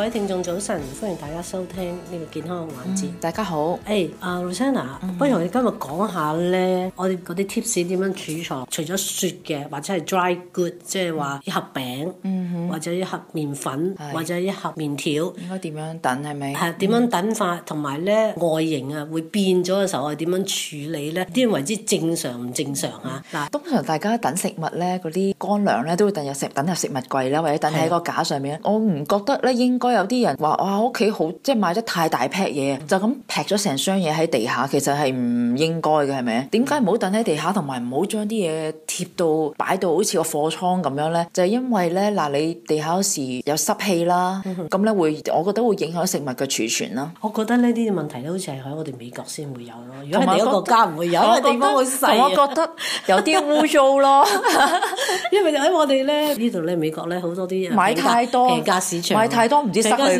各位聽眾早晨，歡迎大家收聽呢個健康嘅環節。大家好，誒啊，露珊娜，不如我哋今日講下咧，我哋嗰啲貼士點樣儲藏？除咗雪嘅，或者係 dry good，即係話一盒餅、嗯哼，或者一盒麵粉，或者一盒麵條應該點樣等，係咪？係點樣等法？同埋咧外形啊，會變咗嘅時候，我哋點樣處理咧？點樣為之正常唔正常啊？嗱、嗯啊，通常大家等食物咧，啲乾糧咧，都會等入食，等入食物櫃啦，或者等喺個架上面咧。我唔覺得咧應該。有啲人話哇，屋企好即係買得太大劈嘢、嗯，就咁劈咗成箱嘢喺地下，其實係唔應該嘅，係咪啊？點解唔好等喺地下，同埋唔好將啲嘢貼到擺到好似個貨倉咁樣咧？就係、是、因為咧嗱，你地下有時有濕氣啦，咁、嗯、咧會，我覺得會影響食物嘅儲存啦。我覺得呢啲問題咧，好似係喺我哋美國先會有咯。如果一個家唔會有，因為地方好細，我覺得，我覺得有啲污糟咯。 因為喺我哋咧，呢度咧美國咧好多啲嘢，買太多，廉價市場買太多。平價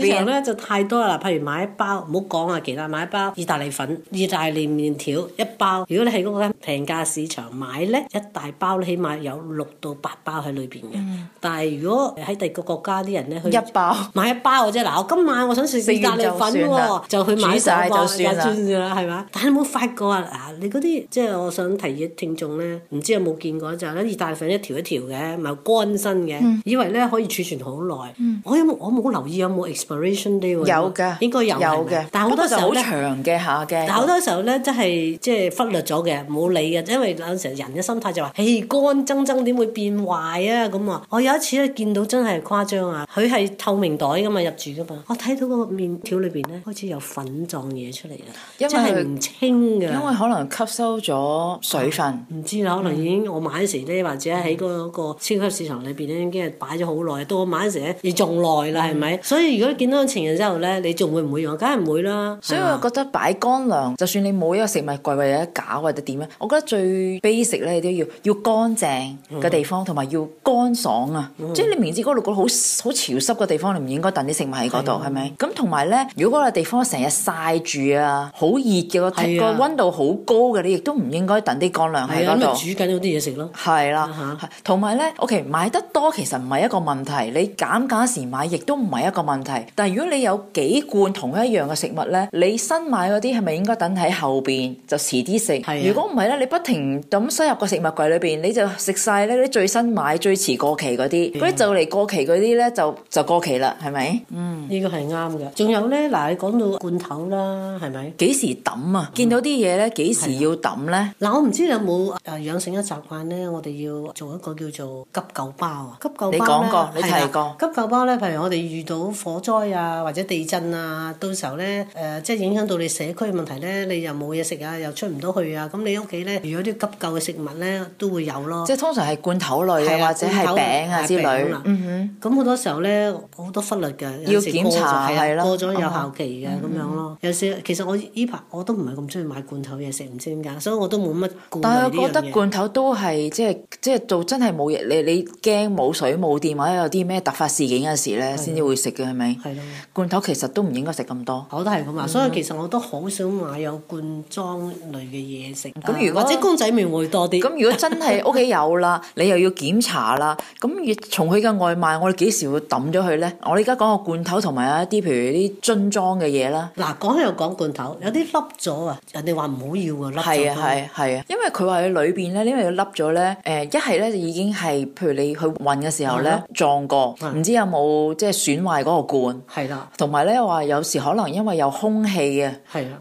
市場咧就太多啦，譬如買一包，唔好講啊，其他買一包意大利粉、意大利麵條一包。如果你喺嗰個平價市場買呢，一大包咧起碼有六到八包喺裏邊嘅。但係如果喺第個國家啲人呢，去一包買一包嘅啫。嗱，我今晚我想食意大利粉喎，就去買一包，煮完就算啦，係嘛？但係你冇發覺啊？嗱，你嗰啲即係我想提議聽眾呢，唔知有冇見過就係呢意大利粉一條一條嘅，唔係乾身嘅、嗯，以為呢可以儲存好耐、嗯。我有我冇留意。有冇 expiration day？有嘅，應該有嘅。有嘅，但係好多時候咧，但好多時候咧，即係即係忽略咗嘅，冇理嘅。因為有時候人嘅心態就話：嘿，乾爭爭點會變壞啊？咁啊！我有一次咧見到真係誇張啊！佢係透明袋噶嘛，入住噶嘛。我睇到個麵條裏邊咧開始有粉狀嘢出嚟，因為真係唔清嘅。因為可能吸收咗水分，唔、嗯、知啦。可能已經我買嗰時咧，或者喺嗰、那個那個超級市場裏邊咧，已經係擺咗好耐。到我買嗰時咧，你仲耐啦，係、嗯、咪？是所以如果見到情人之後咧，你仲會唔會用？梗係唔會啦。所以我覺得擺乾糧，就算你冇一個食物櫃或者一架或者點樣，我覺得最 basic 咧都要要乾淨嘅地方，同、嗯、埋要乾爽啊、嗯。即係你明知嗰度好好潮濕嘅地方，你唔應該等啲食物喺嗰度，係咪、啊？咁同埋咧，如果嗰個地方成日曬住啊，好熱嘅、嗰個溫度好高嘅，你亦都唔應該等啲乾糧喺嗰度。啊、煮緊嗰啲嘢食咯。係啦、啊，同埋咧，OK，買得多其實唔係一個問題，你減價時買亦都唔係一個個問題，但係如果你有幾罐，同一樣嘅食物咧，你新買嗰啲係咪應該等喺後邊就遲啲食？係。如果唔係咧，你不停咁塞入個食物櫃裏邊，你就食晒咧啲最新買、最遲過期嗰啲，嗰啲就嚟過期嗰啲咧就就過期啦，係咪？嗯，這是的還有呢個係啱嘅。仲有咧，嗱，你講到罐頭啦，係咪？幾時抌啊？見到啲嘢咧，幾時要抌咧？嗱、嗯啊，我唔知你有冇養成一習慣咧，我哋要做一個叫做急救包啊。急救包你講過，你提過啊。急救包咧，譬如我哋遇到。火災啊，或者地震啊，到時候咧、呃、即係影響到你社區嘅問題咧，你又冇嘢食啊，又出唔到去啊，咁你屋企咧，如果啲急救嘅食物咧，都會有咯。即係通常係罐頭類、啊啊、或者係餅啊之類。啊嗯、哼。咁好多時候咧，好多忽略嘅。要檢查係啦、啊啊，過咗有效期嘅咁、嗯、樣咯。有時其，其實我依排我都唔係咁中意買罐頭嘢食，唔知點解，所以我都冇乜罐。但係我覺得罐頭都係即係即係做真係冇嘢，你你驚冇水冇電或者有啲咩突發事件嘅時咧，先至會食。係咪？係咯。罐頭其實都唔應該食咁多。我都係咁話，所以其實我都好少買有罐裝類嘅嘢食。咁如果、啊、或者公仔麪會多啲。咁如果真係屋企有啦， 你又要檢查啦。咁越從佢嘅外賣，我哋幾時會抌咗佢咧？我哋而家講個罐頭同埋有一啲譬如啲樽裝嘅嘢啦。嗱、啊，講又講罐頭，有啲凹咗啊！人哋話唔好要啊，凹咗。係啊係啊係啊！因為佢話佢裏邊咧，因為佢凹咗咧，誒一係咧已經係譬如你去運嘅時候咧、啊、撞過，唔知有冇即係損壞。嗰、那個罐係啦，同埋咧話有時可能因為有空氣嘅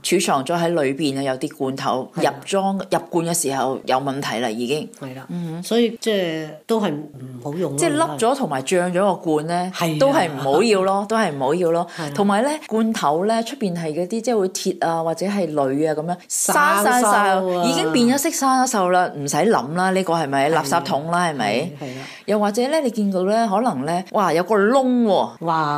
儲藏咗喺裏邊啊，有啲罐頭入裝入罐嘅時候有問題啦，已經係啦，嗯，所以即係都係唔好用了，即係笠咗同埋漲咗個罐咧，都係唔好要咯，都係唔好要咯。同埋咧罐頭咧出邊係嗰啲即係會鐵啊或者係鋁啊咁樣生曬曬，已經變咗色生咗銹啦，唔使諗啦，呢個係咪垃圾桶啦，係咪？係啊，又或者咧你見到咧可能咧哇有個窿喎哇！嗰、那個嘢、那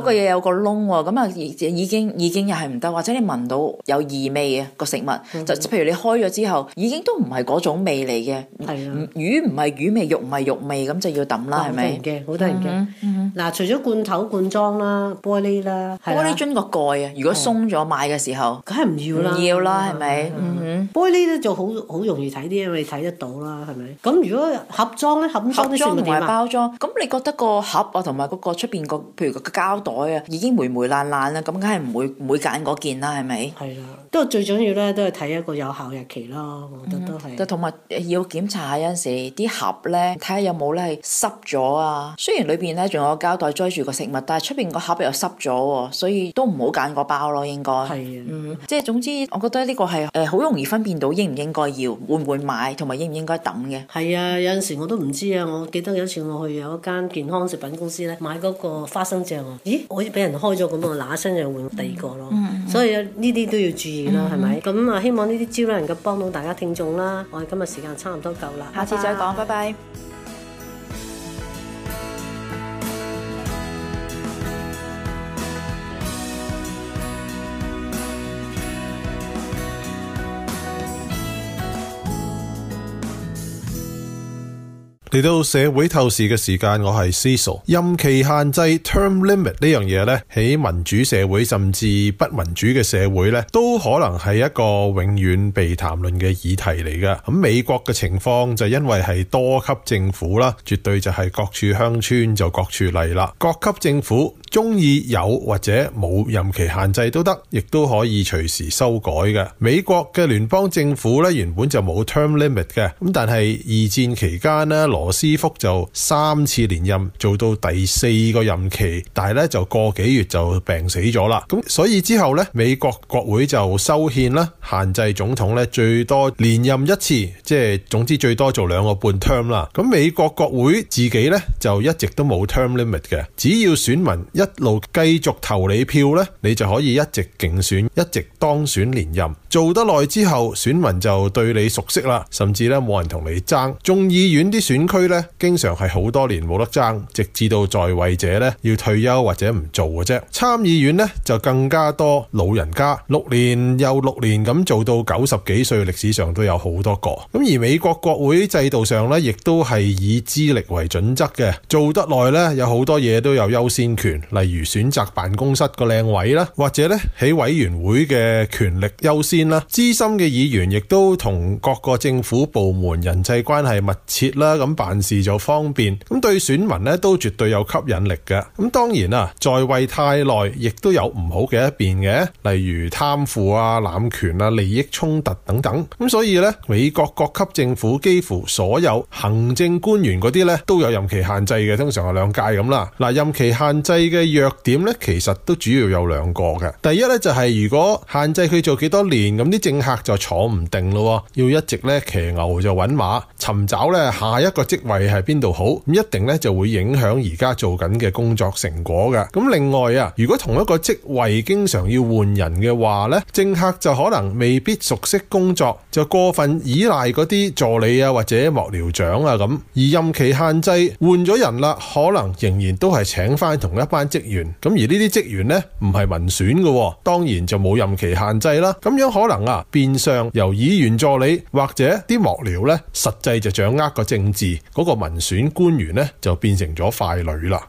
個、有個窿喎，咁啊已經已經已又係唔得，或者你聞到有異味嘅、那個食物，嗯、就譬如你開咗之後，已經都唔係嗰種味嚟嘅。啊、嗯，魚唔係魚味，肉唔係肉味，咁就要抌啦，係咪？好得人驚，好嗱、嗯嗯啊，除咗罐頭、罐裝啦、玻璃啦、啊、玻璃樽個蓋啊，如果鬆咗、啊、買嘅時候，梗係唔要啦，唔要啦，係咪、啊啊啊啊啊啊啊啊？玻璃咧就好好容易睇啲，我你睇得到啦，係咪？咁如果盒裝咧，盒裝啲唔係包裝，咁你覺得個盒啊同埋嗰個出邊。譬如個膠袋啊，已經霉霉爛爛啦，咁梗係唔會唔會揀嗰件啦，係咪？係啊，不過都最重要咧，都係睇一個有效日期咯，我覺得都係。同、嗯、埋、嗯、要檢查下有陣時啲盒咧，睇下有冇咧係濕咗啊。雖然裏邊咧仲有個膠袋裝住個食物，但係出邊個盒又濕咗喎，所以都唔好揀個包咯，應該。係啊，嗯，即係總之，我覺得呢個係誒好容易分辨到應唔應該要，會唔會買，同埋應唔應該抌嘅。係啊，有陣時我都唔知啊。我記得有一次我去有一間健康食品公司咧買嗰、嗰個花生醬啊！咦，我好似俾人開咗咁啊，嗱一聲就換第二個咯、嗯嗯。所以呢啲都要注意啦，係、嗯、咪、嗯？咁啊，希望呢啲招能夠幫到大家聽眾啦。我哋今日時間差唔多夠啦，下次再講，拜拜。拜拜。嚟到社會透視嘅時間，我係 Cecil。任期限制 （term limit） 呢樣嘢呢，喺民主社會甚至不民主嘅社會呢，都可能係一個永遠被談論嘅議題嚟㗎。咁美國嘅情況就因為係多級政府啦，絕對就係各處鄉村就各處例啦。各級政府中意有或者冇任期限制都得，亦都可以隨時修改嘅。美國嘅聯邦政府呢，原本就冇 term limit 嘅，咁但係二戰期間咧羅斯福就三次連任，做到第四個任期，但係咧就個幾月就病死咗啦。咁所以之後咧，美國國會就修憲啦，限制總統咧最多連任一次，即係總之最多做兩個半 term 啦。咁美國國會自己咧就一直都冇 term limit 嘅，只要選民一路繼續投你票咧，你就可以一直競選，一直當選連任。做得耐之後，選民就對你熟悉啦，甚至咧冇人同你爭。眾議院啲選區咧經常係好多年冇得爭，直至到在位者咧要退休或者唔做嘅啫。參議院呢就更加多老人家，六年又六年咁做到九十幾歲，歷史上都有好多個。咁而美國國會制度上咧，亦都係以資歷為準則嘅，做得耐咧有好多嘢都有優先權，例如選擇辦公室個靚位啦，或者咧喺委員會嘅權力優先啦。資深嘅議員亦都同各個政府部門人際關係密切啦，咁。辦事就方便，咁對選民咧都絕對有吸引力嘅。咁當然啦，在位太耐亦都有唔好嘅一邊嘅，例如貪腐啊、濫權啊、利益衝突等等。咁所以咧，美國各級政府幾乎所有行政官員嗰啲咧都有任期限制嘅，通常係兩屆咁啦。嗱，任期限制嘅弱點咧，其實都主要有兩個嘅。第一咧就係、是、如果限制佢做幾多年，咁啲政客就坐唔定咯，要一直咧騎牛就搵馬，尋找咧下一個職位係邊度好，咁一定咧，就會影響而家做緊嘅工作成果嘅。咁另外啊，如果同一個職位經常要換人嘅話咧，政客就可能未必熟悉工作，就過分依賴嗰啲助理啊或者幕僚長啊咁。而任期限制換咗人啦，可能仍然都係請翻同一班職員。咁而呢啲職員咧唔係民選嘅，當然就冇任期限制啦。咁樣可能啊，變相由議員助理或者啲幕僚咧，實際就掌握個政治。嗰、那個民選官員咧，就變成咗傀儡啦。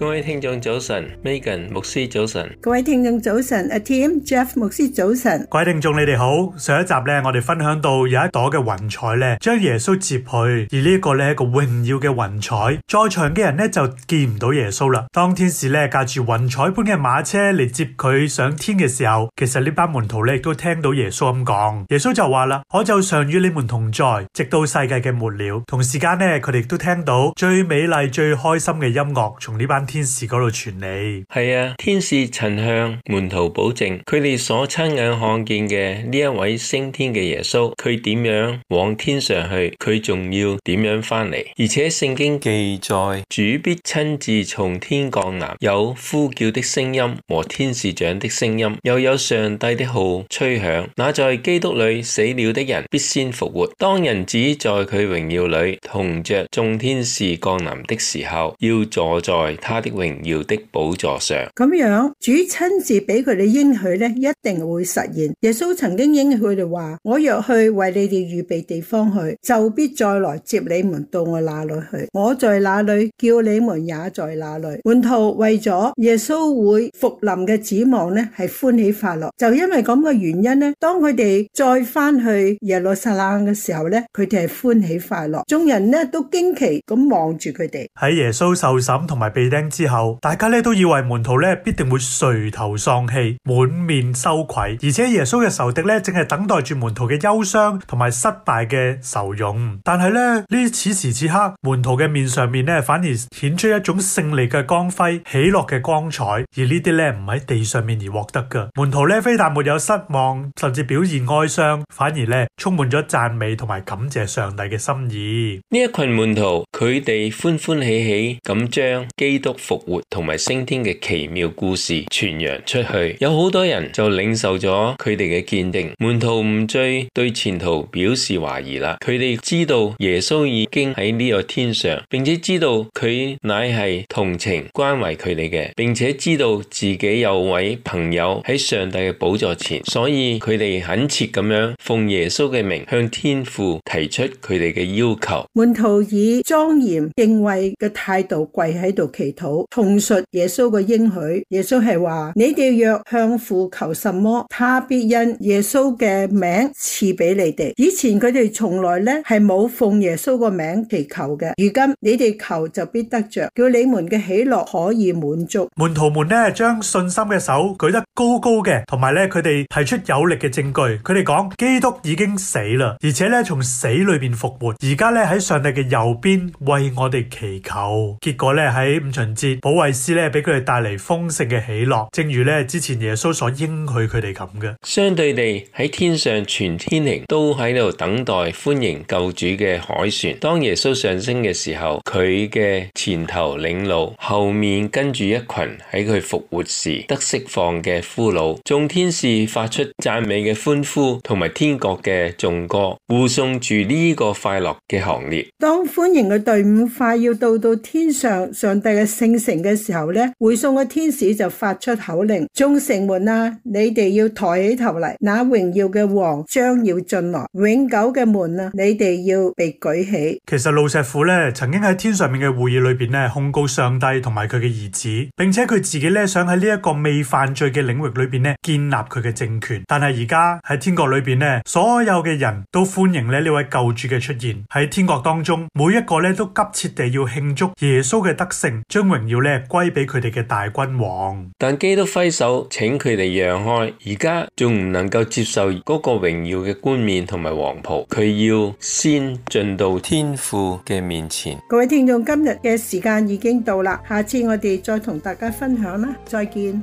各位聽眾早晨，Megan 牧師早晨，各位聽眾早晨，阿 Tim Jeff 牧師早晨，各位聽眾你哋好，上一集咧我哋分享到有一朵嘅雲彩咧，將耶穌接去，而呢一個咧一個榮耀嘅雲彩，在場嘅人咧就見唔到耶穌啦。當天使咧駕住雲彩般嘅馬車嚟接佢上天嘅時候，其實呢班門徒咧亦都聽到耶穌咁講，耶穌就話啦：我就常與你們同在，直到世界嘅末了。同時間咧，佢哋亦都聽到最美麗、最開心嘅音樂，從呢班。天使嗰度傳你係啊，天使曾向門徒保證，佢哋所親眼看見嘅呢一位升天嘅耶穌，佢點樣往天上去，佢仲要點樣翻嚟？而且聖經記載，主必親自從天降臨，有呼叫的聲音和天使長的聲音，又有上帝的號吹響。那在基督裏死了的人，必先復活。當人子在佢榮耀裏同着眾天使降臨的時候，要坐在他。的榮耀的寶座上，咁樣主親自俾佢哋應許咧，一定會實現。耶穌曾經應許佢哋話：我若去為你哋預備地方去，就必再來接你們到我那裏去。我在那裏，叫你們也在那裏。門徒為咗耶穌會復臨嘅指望咧，係歡喜快樂。就因為咁嘅原因咧，當佢哋再翻去耶路撒冷嘅時候咧，佢哋係歡喜快樂。眾人咧都驚奇咁望住佢哋喺耶穌受審同埋被釘。之後，大家咧都以為門徒咧必定會垂頭喪氣、滿面羞愧，而且耶穌嘅仇敵咧正係等待住門徒嘅憂傷同埋失敗嘅愁容。但係咧呢，此時此刻，門徒嘅面上面咧反而顯出一種勝利嘅光輝、喜樂嘅光彩。而這些呢啲咧唔喺地上面而獲得嘅。門徒咧非但沒有失望，甚至表現哀傷，反而咧充滿咗讚美同埋感謝上帝嘅心意。呢一群門徒，佢哋歡歡喜喜咁將基督。復活同埋升天嘅奇妙故事傳揚出去，有好多人就領受咗佢哋嘅見證。門徒唔再對前途表示懷疑啦。佢哋知道耶穌已經喺呢個天上，並且知道佢乃係同情關懷佢哋嘅，並且知道自己有位朋友喺上帝嘅寶座前，所以佢哋懇切咁樣奉耶穌嘅名向天父提出佢哋嘅要求。門徒以莊嚴敬畏嘅態度跪喺度祈禱，重述耶穌嘅應許，耶穌係話：你哋若向父求什麼，他必因耶穌嘅名賜俾你哋。以前佢哋從來咧係冇奉耶穌個名祈求嘅，如今你哋求就必得着，叫你們嘅喜樂可以滿足。門徒們咧將信心嘅手舉得高高嘅，同埋咧佢哋提出有力嘅證據，佢哋講基督已經死啦，而且咧從死裏面復活，而家咧喺上帝嘅右邊為我哋祈求。結果咧喺五旬。保惠師咧，俾佢哋帶嚟豐盛嘅喜樂，正如咧之前耶穌所應許佢哋咁嘅。相對地喺天上，全天庭都喺度等待歡迎救主嘅海船。當耶穌上升嘅時候，佢嘅前頭領路，後面跟住一群喺佢復活時得釋放嘅俘虜，眾天使發出讚美嘅歡呼，同埋天國嘅頌歌，護送住呢個快樂嘅行列。當歡迎嘅隊伍快要到到天上，上帝嘅。聖城嘅時候咧，會送嘅天使就發出口令：眾城門啊，你哋要抬起頭嚟，那榮耀嘅王將要進來；永久嘅門啊，你哋要被舉起。其實路石父咧，曾經喺天上面嘅會議裏邊咧控告上帝同埋佢嘅兒子，並且佢自己咧想喺呢一個未犯罪嘅領域裏邊咧建立佢嘅政權。但係而家喺天國裏邊呢，所有嘅人都歡迎咧呢位救主嘅出現喺天國當中，每一個咧都急切地要慶祝耶穌嘅得勝，將榮耀咧歸俾佢哋嘅大君王，但基督揮手請佢哋讓開，而家仲唔能夠接受嗰個榮耀嘅冠冕同埋王袍，佢要先進到天父嘅面前。各位聽眾，今日嘅時間已經到啦，下次我哋再同大家分享啦，再見。